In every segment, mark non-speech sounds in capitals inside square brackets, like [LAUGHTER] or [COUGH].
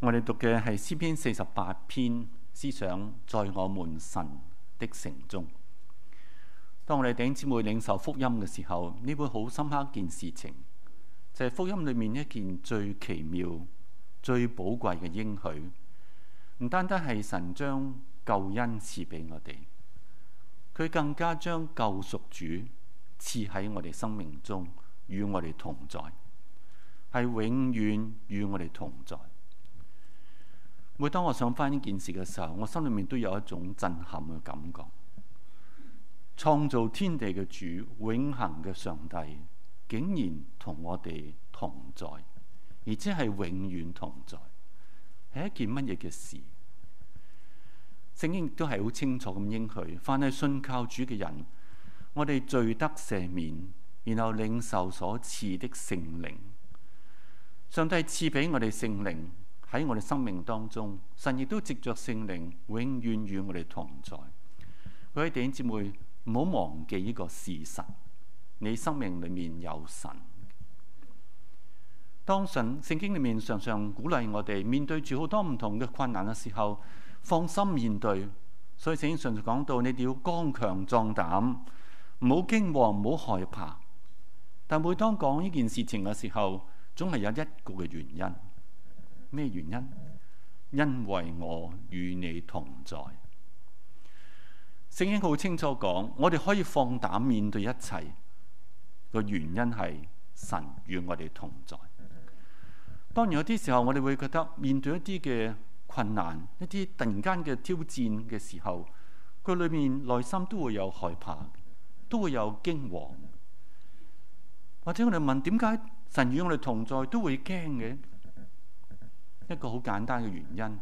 我哋讀嘅係詩篇四十八篇思想，在我們神的城中。當我哋弟兄姊妹領受福音嘅時候，呢本好深刻一件事情，就係、是、福音裏面一件最奇妙、最寶貴嘅應許。唔單單係神將救恩賜俾我哋，佢更加將救贖主賜喺我哋生命中，與我哋同在，係永遠與我哋同在。每當我想翻呢件事嘅時候，我心裏面都有一種震撼嘅感覺。創造天地嘅主，永恒嘅上帝，竟然同我哋同在，而且係永遠同在，係一件乜嘢嘅事？聖經都係好清楚咁應許。凡去信靠主嘅人，我哋罪得赦免，然後領受所賜的聖靈。上帝賜俾我哋聖靈。喺我哋生命當中，神亦都藉着聖靈永遠與我哋同在。各位弟兄姊妹，唔好忘記呢個事實，你生命裏面有神。當神聖經裏面常常鼓勵我哋面對住好多唔同嘅困難嘅時候，放心面對。所以聖經常常講到，你哋要剛強壯膽，唔好驚慌，唔好害怕。但每當講呢件事情嘅時候，總係有一個嘅原因。咩原因？因為我與你同在。聖經好清楚講，我哋可以放膽面對一切嘅原因係神與我哋同在。當然有啲時候，我哋會覺得面對一啲嘅困難、一啲突然間嘅挑戰嘅時候，佢裏面內心都會有害怕，都會有驚惶。或者我哋問點解神與我哋同在都會驚嘅？一個好簡單嘅原因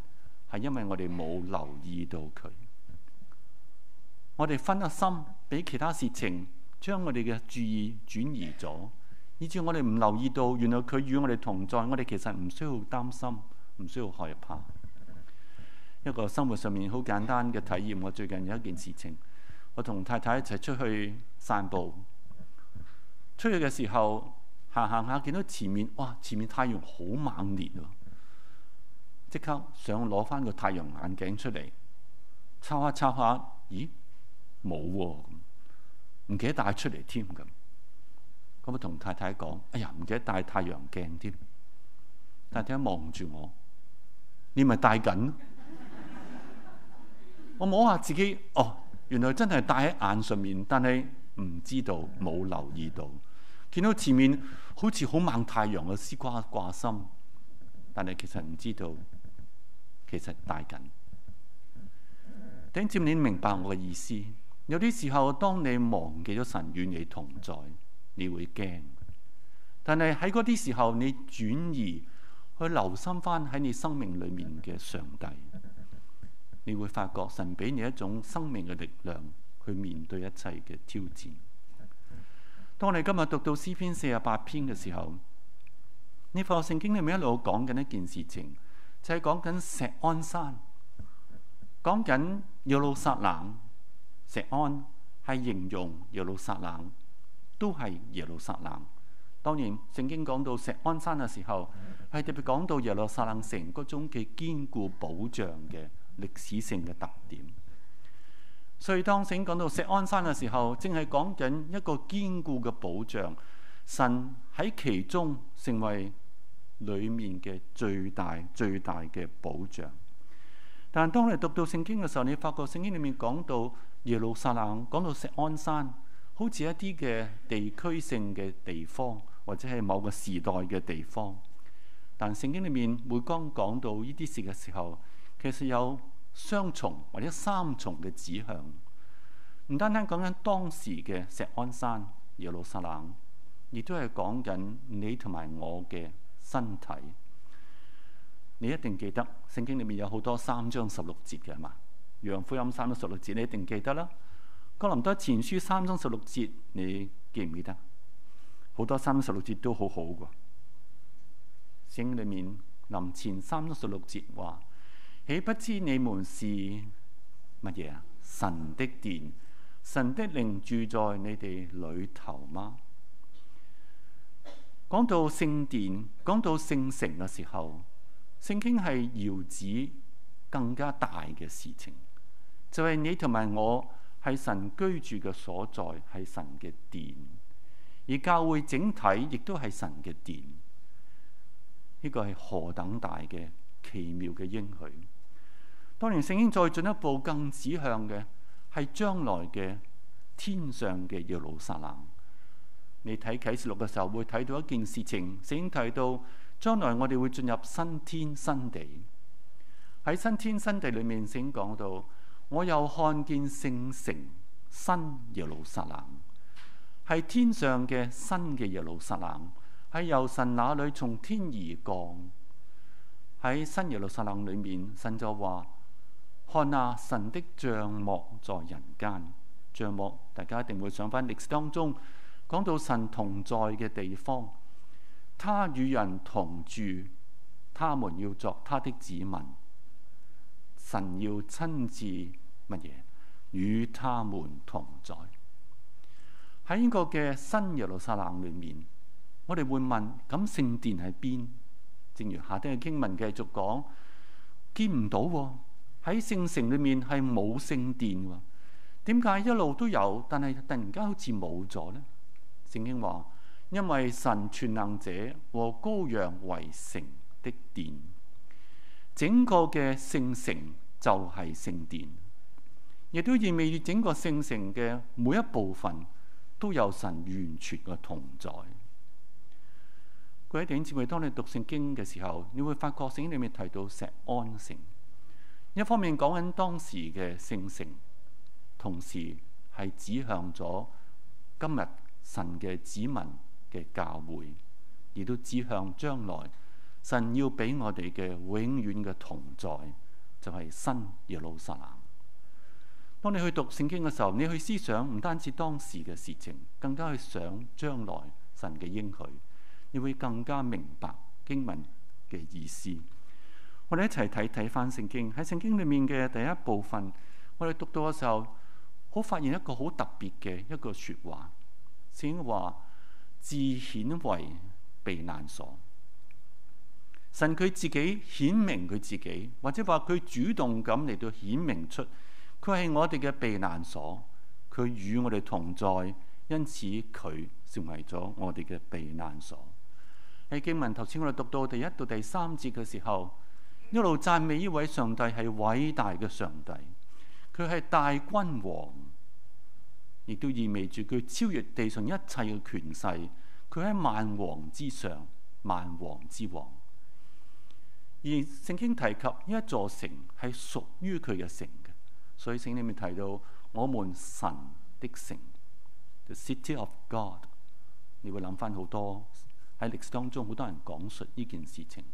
係因為我哋冇留意到佢，我哋分個心俾其他事情，將我哋嘅注意轉移咗，以至我哋唔留意到原來佢與我哋同在。我哋其實唔需要擔心，唔需要害怕。一個生活上面好簡單嘅體驗。我最近有一件事情，我同太太一齊出去散步，出去嘅時候行行下見到前面，哇，前面太陽好猛烈喎。即刻想攞翻個太陽眼鏡出嚟，抄下抄下，咦，冇喎，啊，唔記得帶出嚟添咁。咁我同太太講：哎呀，唔記得帶太陽鏡添。太太望住我，你咪戴緊？ [LAUGHS] 我摸下自己，哦，原來真係戴喺眼上面，但係唔知道冇留意到，見到前面好似好猛太陽嘅絲瓜掛心，但係其實唔知道。其實帶緊，等接你明白我嘅意思。有啲時候，當你忘記咗神與你同在，你會驚。但係喺嗰啲時候，你轉移去留心翻喺你生命裏面嘅上帝，你會發覺神俾你一種生命嘅力量去面對一切嘅挑戰。當你今日讀到詩篇四十八篇嘅時候，呢份聖經裏面一路講緊一件事情。就係講緊錫安山，講緊耶路撒冷，錫安係形容耶路撒冷，都係耶路撒冷。當然聖經講到錫安山嘅時候，係特別講到耶路撒冷城嗰種嘅堅固保障嘅歷史性嘅特點。所以當聖經講到錫安山嘅時候，正係講緊一個堅固嘅保障，神喺其中成為。裏面嘅最大、最大嘅保障。但係，當我哋讀到聖經嘅時候，你發覺聖經裏面講到耶路撒冷，講到錫安山，好似一啲嘅地區性嘅地方，或者係某個時代嘅地方。但聖經裏面每當講到呢啲事嘅時候，其實有雙重或者三重嘅指向，唔單單講緊當時嘅錫安山、耶路撒冷，亦都係講緊你同埋我嘅身體，你一定記得聖經裏面有好多三章十六節嘅係嘛？楊福音三章十六節，你一定記得啦。哥林多前書三章十六節，你記唔記得？好多三章十六節都好好嘅。聖經裏面林前三章十六節話：豈不知你們是乜嘢啊？神的殿，神的靈住在你哋裏頭嗎？講到聖殿，講到聖城嘅時候，聖經係遙指更加大嘅事情，就係、是、你同埋我係神居住嘅所在，係神嘅殿，而教會整體亦都係神嘅殿。呢、這個係何等大嘅奇妙嘅應許。當年聖經再進一步更指向嘅係將來嘅天上嘅耶路撒冷。你睇啟示錄嘅時候會睇到一件事情，聖經提到將來我哋會進入新天新地。喺新天新地裏面，聖經講到我又看見聖城新耶路撒冷，係天上嘅新嘅耶路撒冷，喺由神那裏從天而降。喺新耶路撒冷裏面，神就話看哪，神的帳幕在人間。帳幕大家一定會想翻歷史當中。講到神同在嘅地方，他與人同住，他們要作他的子民。神要親自乜嘢？與他們同在，喺呢個嘅新耶路撒冷裏面，我哋會問：咁聖殿喺邊？正如夏天嘅經文繼續講，見唔到喎，喺聖城裏面係冇聖殿喎。點解一路都有，但係突然間好似冇咗呢？聖經話，因為神全能者和羔羊為城的殿，整個嘅聖城就係聖殿，亦都意味住整個聖城嘅每一部分都有神完全嘅同在。各位弟兄姊妹，當你讀聖經嘅時候，你會發覺聖經裏面提到石安城，一方面講緊當時嘅聖城，同時係指向咗今日。神嘅子民嘅教會，亦都指向將來，神要俾我哋嘅永遠嘅同在就係新耶路撒冷。當你去讀聖經嘅時候，你去思想唔單止當時嘅事情，更加去想將來神嘅應許，你會更加明白經文嘅意思。我哋一齊睇睇翻聖經，喺聖經裏面嘅第一部分，我哋讀到嘅時候，好發現一個好特別嘅一個說話。請話自顯為避難所，神佢自己顯明佢自己，或者話佢主動咁嚟到顯明出，佢係我哋嘅避難所，佢與我哋同在，因此佢成為咗我哋嘅避難所。喺經文頭先我哋讀到第一到第三節嘅時候，一路贊美呢位上帝係偉大嘅上帝，佢係大君王。亦都意味住佢超越地上一切嘅權勢，佢喺萬王之上，萬王之王。而聖經提及呢一座城係屬於佢嘅城嘅，所以聖經裏面提到我們神的城，the city of God，你會諗翻好多喺歷史當中好多人講述呢件事情。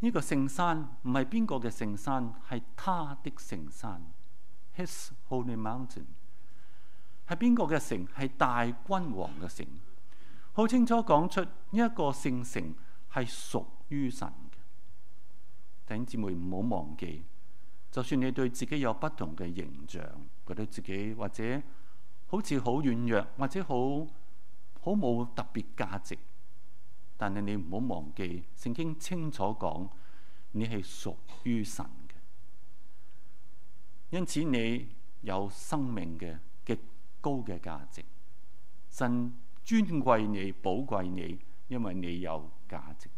呢、這個聖山唔係邊個嘅聖山，係他的聖山，His holy mountain。係邊個嘅城？係大君王嘅城，好清楚講出呢一個聖城係屬於神嘅。弟兄姊妹唔好忘記，就算你對自己有不同嘅形象，覺得自己或者好似好軟弱，或者好好冇特別價值，但係你唔好忘記，聖經清楚講你係屬於神嘅，因此你有生命嘅。高嘅價值，神尊貴你，寶貴你，因為你有價值。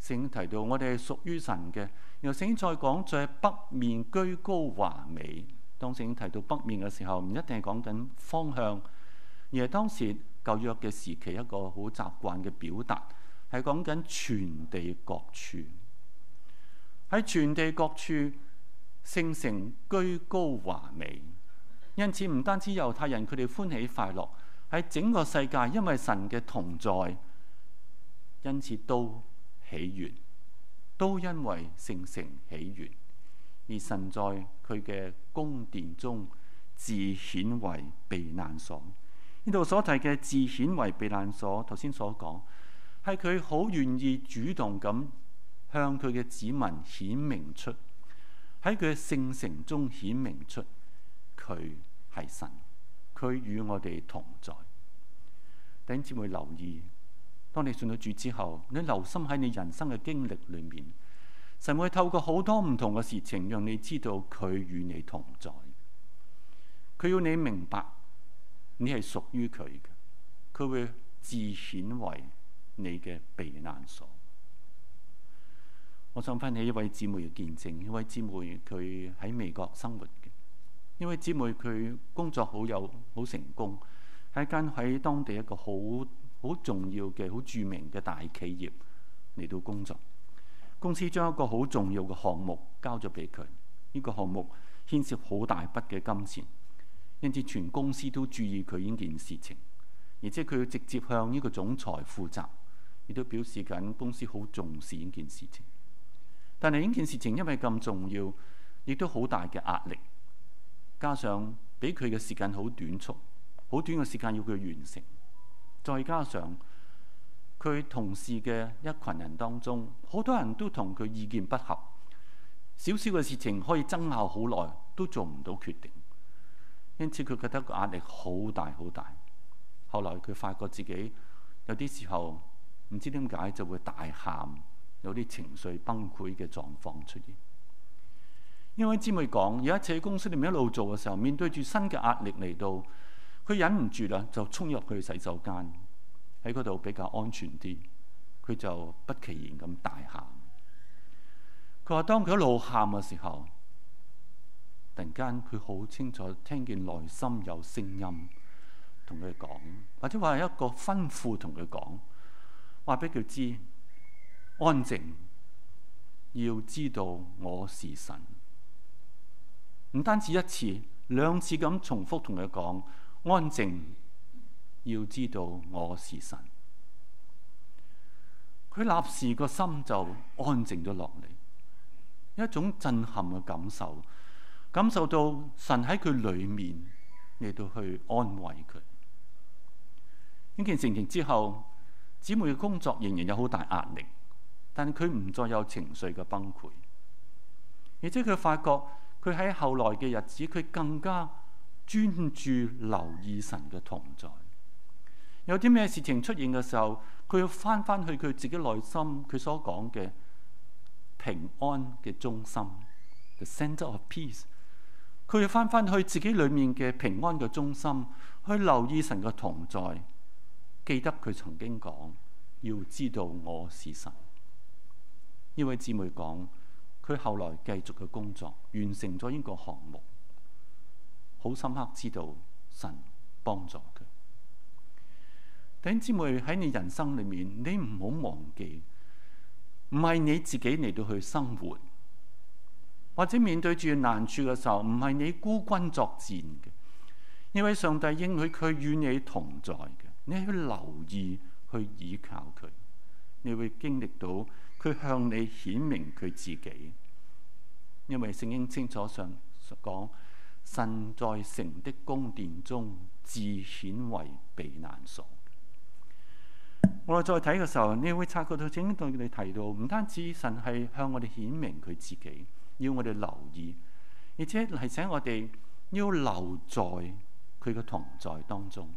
聖經提到我哋係屬於神嘅，又聖經再講在北面居高華美。當聖經提到北面嘅時候，唔一定係講緊方向，而係當時舊約嘅時期一個好習慣嘅表達，係講緊全地各處，喺全地各處聖城居高華美。因此唔單止猶太人，佢哋歡喜快樂，喺整個世界，因為神嘅同在，因此都喜悅。都因為聖城，城喜悅，而神在佢嘅宮殿中自顯為避難所。呢度所提嘅自顯為避難所，頭先所講係佢好願意主動咁向佢嘅子民顯明出，喺佢嘅聖城中顯明出佢。他係神，佢與我哋同在。弟兄姊妹留意，當你信到主之後，你留心喺你人生嘅經歷裏面，神會透過好多唔同嘅事情，讓你知道佢與你同在。佢要你明白，你係屬於佢嘅，佢會自顯為你嘅避難所。我想翻起一位姊妹嘅見證，一位姊妹佢喺美國生活。因為姊妹，佢工作好有好成功，喺間喺當地一個好好重要嘅好著名嘅大企業嚟到工作。公司將一個好重要嘅項目交咗俾佢，呢個項目牽涉好大筆嘅金錢，因此全公司都注意佢呢件事情，而且佢要直接向呢個總裁負責，亦都表示緊公司好重視呢件事情。但係呢件事情因為咁重要，亦都好大嘅壓力。加上俾佢嘅時間好短促，好短嘅時間要佢完成，再加上佢同事嘅一群人當中，好多人都同佢意見不合，小小嘅事情可以爭拗好耐，都做唔到決定。因此佢覺得個壓力好大好大。後來佢發覺自己有啲時候唔知點解就會大喊，有啲情緒崩潰嘅狀況出現。呢位姊妹講，有一次喺公司裏面一路做嘅時候，面對住新嘅壓力嚟到，佢忍唔住啦，就衝入佢洗手間，喺嗰度比較安全啲。佢就不期然咁大喊。佢話當佢一路喊嘅時候，突然間佢好清楚聽見內心有聲音同佢講，或者話係一個吩咐同佢講，話俾佢知安靜，要知道我是神。唔單止一次，兩次咁重複同佢講安靜，要知道我是神。佢立時個心就安靜咗落嚟，一種震撼嘅感受，感受到神喺佢裏面嚟到去安慰佢。呢件事情之後，姊妹嘅工作仍然有好大壓力，但佢唔再有情緒嘅崩潰，而且佢發覺。佢喺後來嘅日子，佢更加專注留意神嘅同在。有啲咩事情出現嘅時候，佢要返返去佢自己內心，佢所講嘅平安嘅中心，the center of peace。佢要返返去自己裏面嘅平安嘅中心，去留意神嘅同在，記得佢曾經講，要知道我是神。呢位姊妹講。佢後來繼續嘅工作，完成咗呢個項目，好深刻知道神幫助佢。弟兄姊妹，喺你人生裏面，你唔好忘記，唔係你自己嚟到去生活，或者面對住難處嘅時候，唔係你孤軍作戰嘅。因為上帝應許佢與你同在嘅，你去留意去倚靠佢，你會經歷到。佢向你顯明佢自己，因為聖經清楚上講，神在城的宮殿中，自顯為避難所。我哋再睇嘅時候，你會察覺到，聖經對你提到，唔單止神係向我哋顯明佢自己，要我哋留意，而且提醒我哋要留在佢嘅同在當中，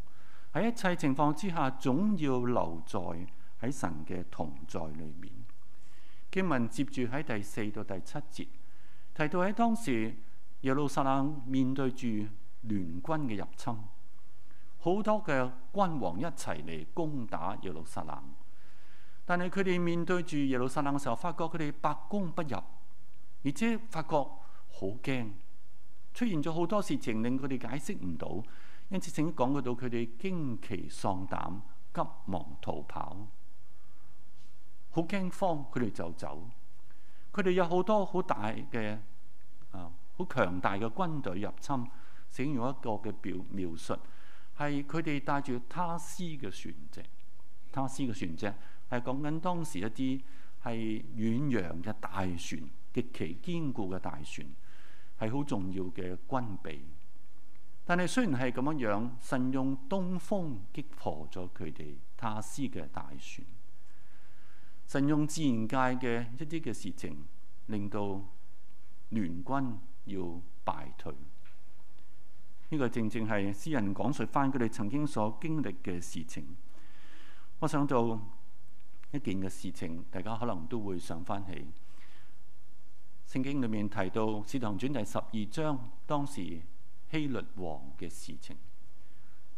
喺一切情況之下，總要留在喺神嘅同在裏面。經文接住喺第四到第七節，提到喺當時耶路撒冷面對住聯軍嘅入侵，好多嘅君王一齊嚟攻打耶路撒冷，但係佢哋面對住耶路撒冷嘅時候，發覺佢哋百攻不入，而且發覺好驚，出現咗好多事情令佢哋解釋唔到，因此正講到佢哋驚奇喪膽，急忙逃跑。好驚慌，佢哋就走。佢哋有好多好大嘅啊，好強大嘅軍隊入侵。使用一個嘅描描述係佢哋帶住他施嘅船隻。他施嘅船隻係講緊當時一啲係遠洋嘅大船，極其堅固嘅大船係好重要嘅軍備。但係雖然係咁樣樣，神用東風擊破咗佢哋他施嘅大船。神用自然界嘅一啲嘅事情，令到聯軍要敗退。呢、這個正正係詩人講述翻佢哋曾經所經歷嘅事情。我想做一件嘅事情，大家可能都會想翻起聖經裏面提到《使徒行傳》第十二章當時希律王嘅事情。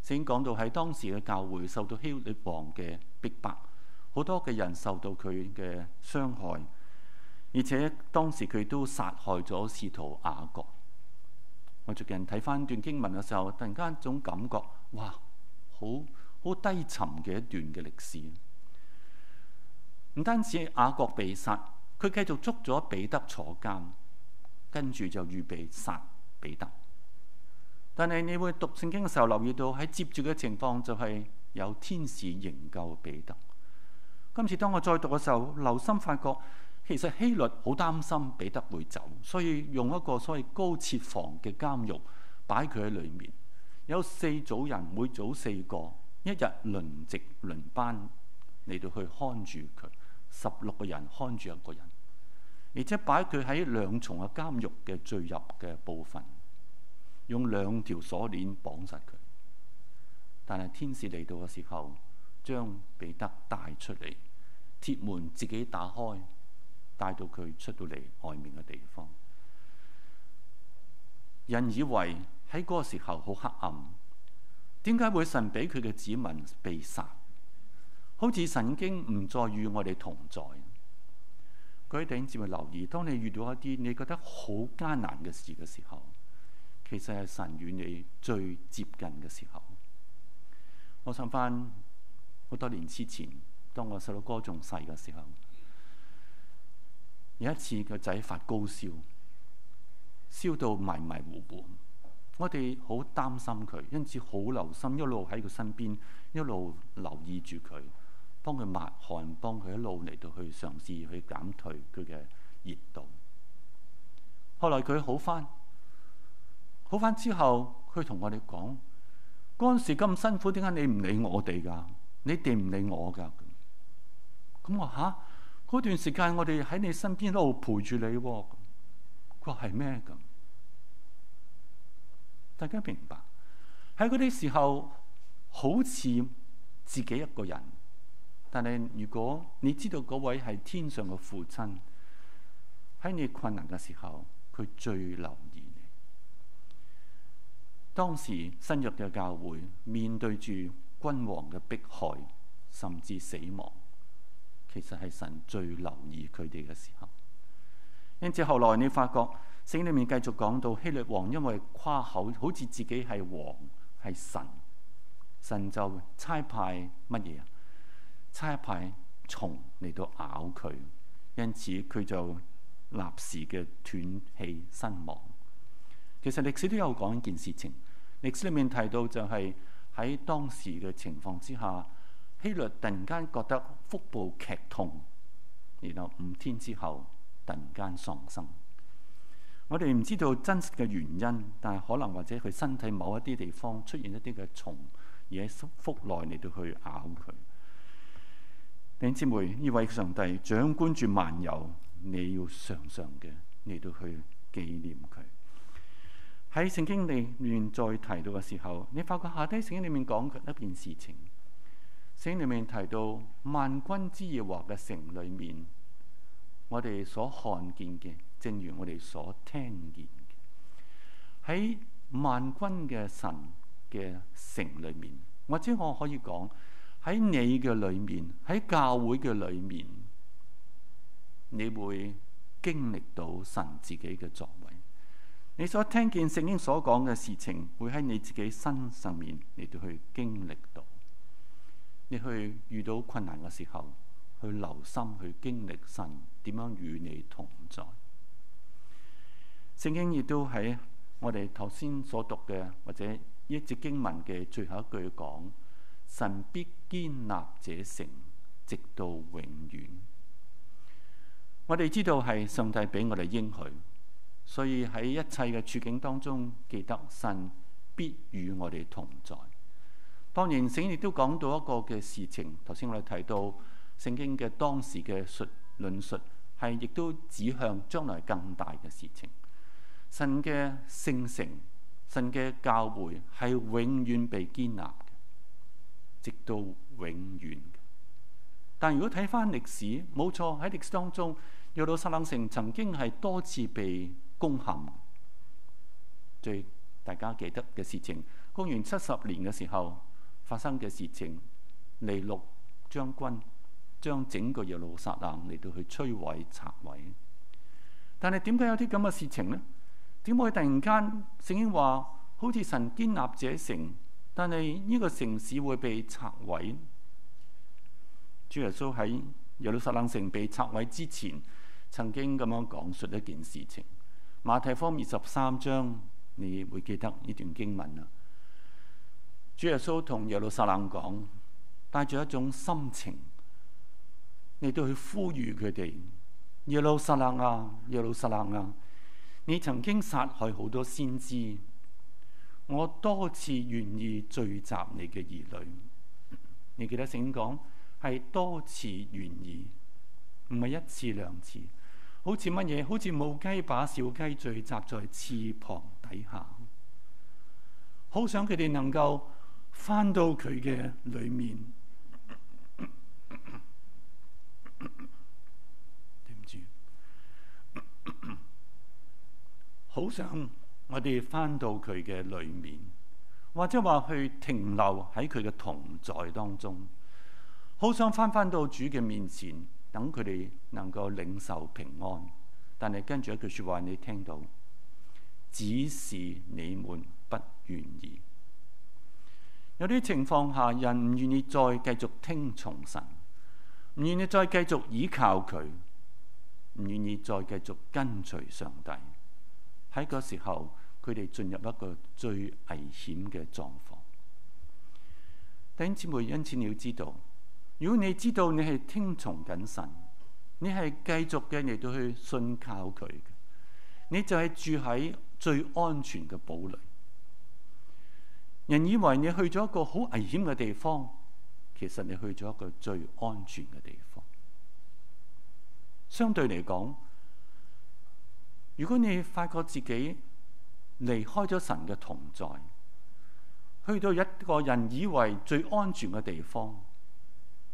聖經講到喺當時嘅教會受到希律王嘅逼迫。好多嘅人受到佢嘅傷害，而且當時佢都殺害咗使徒雅各。我最近睇翻一段經文嘅時候，突然間一種感覺，哇！好好低沉嘅一段嘅歷史。唔單止雅各被殺，佢繼續捉咗彼得坐監，跟住就預備殺彼得。但係你會讀聖經嘅時候，留意到喺接住嘅情況就係有天使營救彼得。今次當我再讀嘅時候，留心發覺其實希律好擔心彼得會走，所以用一個所謂高設防嘅監獄擺佢喺裡面。有四組人，每組四個，一日輪值輪班嚟到去看住佢。十六個人看住一個人，而且擺佢喺兩重嘅監獄嘅最入嘅部分，用兩條鎖鏈綁實佢。但係天使嚟到嘅時候，將彼得帶出嚟，鐵門自己打開，帶到佢出到嚟外面嘅地方。人以為喺嗰個時候好黑暗，點解會神俾佢嘅子民被殺？好似神已經唔再與我哋同在。各位弟兄姊妹留意，當你遇到一啲你覺得好艱難嘅事嘅時候，其實係神與你最接近嘅時候。我想翻。好多年之前，當我細佬哥仲細嘅時候，有一次個仔發高燒，燒到迷迷糊糊，我哋好擔心佢，因此好留心一路喺佢身邊，一路留意住佢，幫佢抹汗，幫佢一路嚟到去嘗試去減退佢嘅熱度。後來佢好翻，好翻之後，佢同我哋講，嗰陣時咁辛苦，點解你唔理我哋噶？你哋唔理我㗎，咁我吓嗰、啊、段時間我哋喺你身邊都陪住你，啊，佢話係咩咁？大家明白喺嗰啲時候好似自己一個人，但係如果你知道嗰位係天上嘅父親，喺你困難嘅時候，佢最留意你。當時新約嘅教會面對住。君王嘅迫害，甚至死亡，其實係神最留意佢哋嘅時候。因此後來你發覺聖經裏面繼續講到希律王因為誇口，好似自己係王係神，神就差派乜嘢啊？差派蟲嚟到咬佢，因此佢就立時嘅斷氣身亡。其實歷史都有講一件事情，歷史裏面提到就係、是。喺當時嘅情況之下，希律突然間覺得腹部劇痛，然後五天之後突然間喪生。我哋唔知道真實嘅原因，但係可能或者佢身體某一啲地方出現一啲嘅蟲，而喺腹腹內嚟到去咬佢。弟兄姊妹，呢位上帝掌管住萬有，你要常常嘅嚟到去紀念佢。喺聖經裏面再提到嘅時候，你發覺下低聖經裏面講嘅一件事情，聖經裏面提到萬軍之耶和華嘅城裏面，我哋所看見嘅，正如我哋所聽見嘅，喺萬軍嘅神嘅城裏面，或者我可以講喺你嘅裏面，喺教會嘅裏面，你會經歷到神自己嘅作為。你所聽見聖經所講嘅事情，會喺你自己身上面你都去經歷到。你去遇到困難嘅時候，去留心去經歷神點樣與你同在。聖經亦都喺我哋頭先所讀嘅或者一節經文嘅最後一句講：神必堅立這城，直到永遠。我哋知道係上帝俾我哋應許。所以喺一切嘅處境當中，記得神必與我哋同在。當然，聖經亦都講到一個嘅事情。頭先我哋提到聖經嘅當時嘅述論述，係亦都指向將來更大嘅事情。神嘅聖城、神嘅教會係永遠被建立嘅，直到永遠。但如果睇翻歷史，冇錯喺歷史當中，耶路撒冷城曾經係多次被攻陷，最大家記得嘅事情，公元七十年嘅時候發生嘅事情，尼禄將軍將整個耶路撒冷嚟到去摧毀拆毀。但係點解有啲咁嘅事情呢？點解突然間聖經話，好似神建立這城，但係呢個城市會被拆毀？主耶穌喺耶路撒冷城被拆毀之前，曾經咁樣講述一件事情。馬太福音二十三章，你會記得呢段經文啦。主耶穌同耶路撒冷講，帶住一種心情，你都去呼籲佢哋，耶路撒冷啊，耶路撒冷啊，你曾經殺害好多先知，我多次願意聚集你嘅兒女。你記得聖經講係多次願意，唔係一次兩次。好似乜嘢？好似母雞把小雞聚集在翅膀底下，好想佢哋能夠翻到佢嘅裏面。好 [COUGHS] [COUGHS] 想我哋翻到佢嘅裏面，或者話去停留喺佢嘅同在當中，好想翻返到主嘅面前。等佢哋能夠領受平安，但係跟住一句說話你聽到，只是你們不願意。有啲情況下，人唔願意再繼續聽從神，唔願意再繼續依靠佢，唔願意再繼續跟隨上帝。喺嗰時候，佢哋進入一個最危險嘅狀況。弟兄姊妹，因此你要知道。如果你知道你係聽從緊神，你係繼續嘅你都去信靠佢，你就係住喺最安全嘅堡壘。人以為你去咗一個好危險嘅地方，其實你去咗一個最安全嘅地方。相對嚟講，如果你發覺自己離開咗神嘅同在，去到一個人以為最安全嘅地方。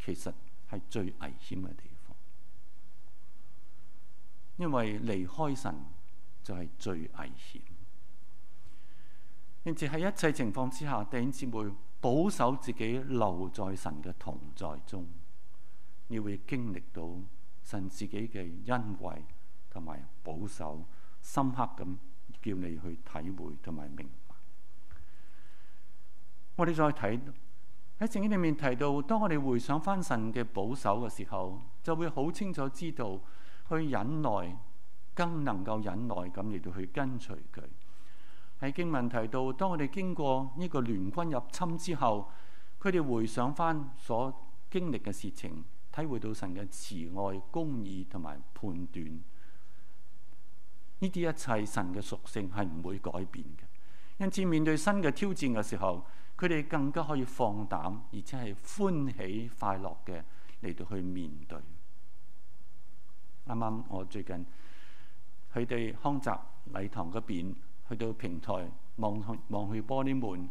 其實係最危險嘅地方，因為離開神就係最危險。因此喺一切情況之下，弟兄姊妹保守自己留在神嘅同在中，你會經歷到神自己嘅恩惠同埋保守，深刻咁叫你去體會同埋明白。我哋再睇。喺聖經裡面提到，當我哋回想翻神嘅保守嘅時候，就會好清楚知道去忍耐，更能夠忍耐咁嚟到去跟隨佢。喺經文提到，當我哋經過呢個聯軍入侵之後，佢哋回想翻所經歷嘅事情，體會到神嘅慈愛、公義同埋判斷。呢啲一切神嘅屬性係唔會改變嘅，因此面對新嘅挑戰嘅時候，佢哋更加可以放膽，而且係歡喜快樂嘅嚟到去面對。啱啱我最近佢哋康集禮堂嗰邊去到平台望去望去玻璃門，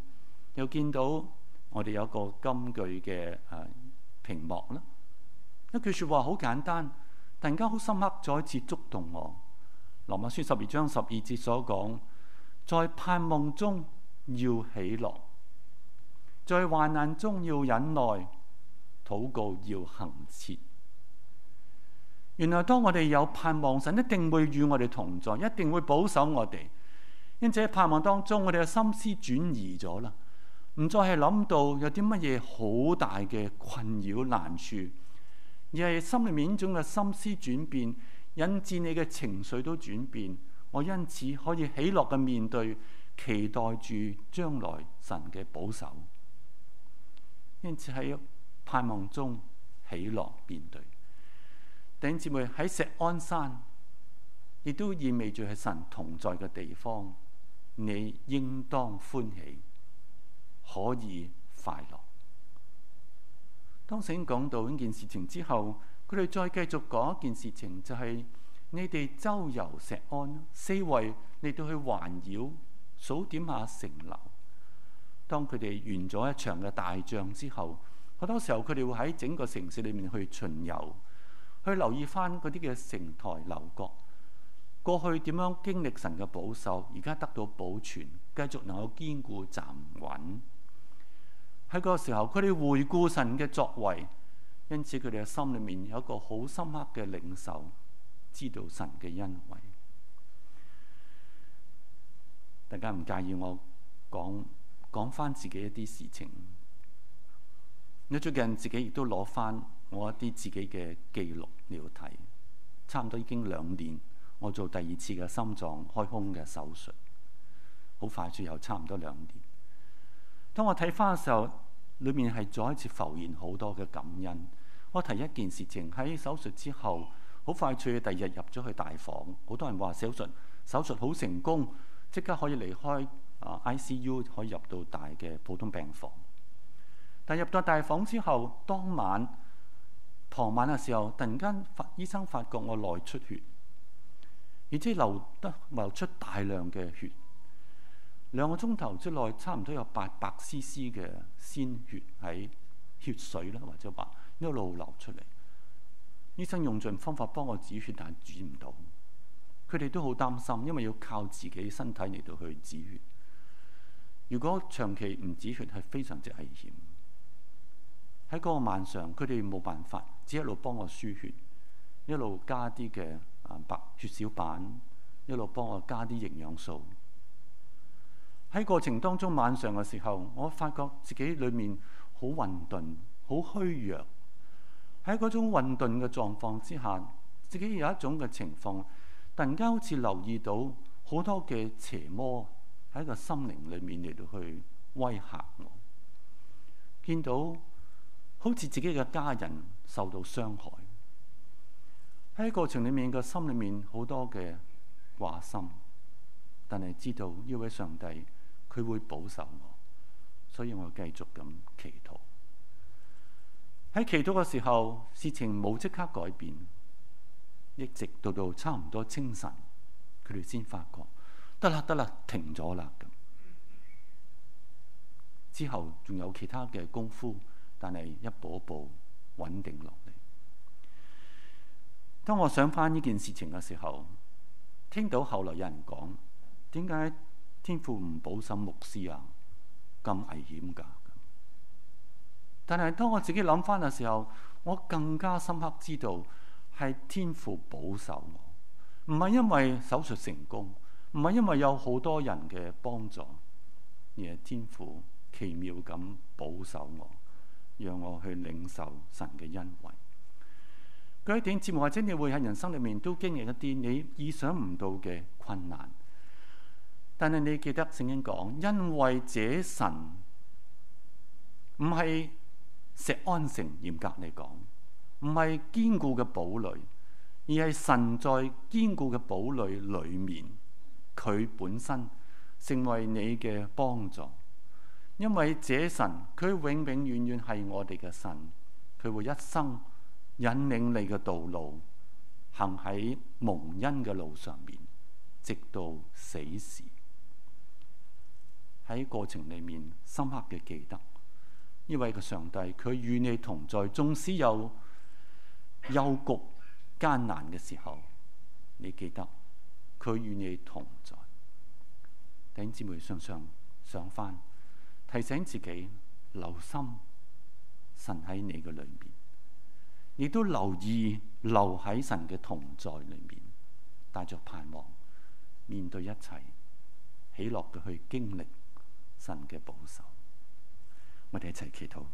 又見到我哋有一個金句嘅誒、啊、屏幕啦。一句説話好簡單，突然間好深刻，再一次觸動我。《羅馬書》十二章十二節所講，在盼望中要喜樂。在患難中要忍耐，禱告要恒切。原來當我哋有盼望，神一定會與我哋同在，一定會保守我哋。因此，盼望當中，我哋嘅心思轉移咗啦，唔再係諗到有啲乜嘢好大嘅困擾難處，而係心裏面一種嘅心思轉變，引致你嘅情緒都轉變。我因此可以喜樂嘅面對，期待住將來神嘅保守。因此喺盼望中喜樂面對，弟兄姊妹喺錫安山，亦都意味住係神同在嘅地方，你應當歡喜，可以快樂。當時已經講到呢件事情之後，佢哋再繼續講一件事情，就是，就係你哋周遊錫安四圍，你哋去環繞數點下城樓。當佢哋完咗一場嘅大仗之後，好多時候佢哋會喺整個城市裏面去巡遊，去留意翻嗰啲嘅城台樓閣，過去點樣經歷神嘅保守，而家得到保存，繼續能夠堅固站穩。喺嗰個時候，佢哋回顧神嘅作為，因此佢哋嘅心裏面有一個好深刻嘅領受，知道神嘅恩惠。大家唔介意我講？講翻自己一啲事情，你最近自己亦都攞翻我一啲自己嘅記錄嚟睇，差唔多已經兩年，我做第二次嘅心臟開胸嘅手術，好快脆又差唔多兩年。當我睇翻嘅時候，裏面係再一次浮現好多嘅感恩。我提一件事情，喺手術之後，好快脆嘅第二日入咗去大房，好多人話手術手術好成功，即刻可以離開。啊！I C U 可以入到大嘅普通病房，但入到大房之後，當晚傍晚嘅時候，突然間發醫生發覺我內出血，而且流得流出大量嘅血，兩個鐘頭之內，差唔多有八百 cc 嘅鮮血喺血水啦，或者話一路流出嚟。醫生用盡方法幫我止血，但係止唔到。佢哋都好擔心，因為要靠自己身體嚟到去止血。如果長期唔止血係非常之危險，喺嗰個晚上佢哋冇辦法，只一路幫我輸血，一路加啲嘅白血小板，一路幫我加啲營養素。喺過程當中晚上嘅時候，我發覺自己裏面好混沌、好虛弱。喺嗰種混沌嘅狀況之下，自己有一種嘅情況，突然間好似留意到好多嘅邪魔。喺個心靈裏面嚟到去威嚇我，見到好似自己嘅家人受到傷害，喺過程裏面個心裏面好多嘅掛心，但係知道呢位上帝佢會保守我，所以我繼續咁祈禱。喺祈禱嘅時候，事情冇即刻改變，一直到到差唔多清晨，佢哋先發覺。得啦，得啦，停咗啦。咁之後仲有其他嘅功夫，但係一步一步穩定落嚟。當我想翻呢件事情嘅時候，聽到後來有人講點解天父唔保守牧師啊，咁危險噶？但係當我自己諗翻嘅時候，我更加深刻知道係天父保守我，唔係因為手術成功。唔係因為有好多人嘅幫助，而係天父奇妙咁保守我，讓我去領受神嘅恩惠。嗰一點節目或者你會喺人生裏面都經歷一啲你意想唔到嘅困難，但係你記得聖經講，因為這神唔係錫安城，嚴格嚟講唔係堅固嘅堡壘，而係神在堅固嘅堡壘裏面。佢本身成為你嘅幫助，因為這神佢永永遠遠係我哋嘅神，佢會一生引領你嘅道路，行喺蒙恩嘅路上面，直到死時。喺過程裏面深刻嘅記得，呢位嘅上帝佢與你同在，縱使有憂局艱難嘅時候，你記得。佢與你同在，弟兄姊妹上上，上翻，提醒自己留心神喺你嘅裏面，亦都留意留喺神嘅同在裏面，帶着盼望面對一切喜樂嘅去經歷神嘅保守。我哋一齊祈禱。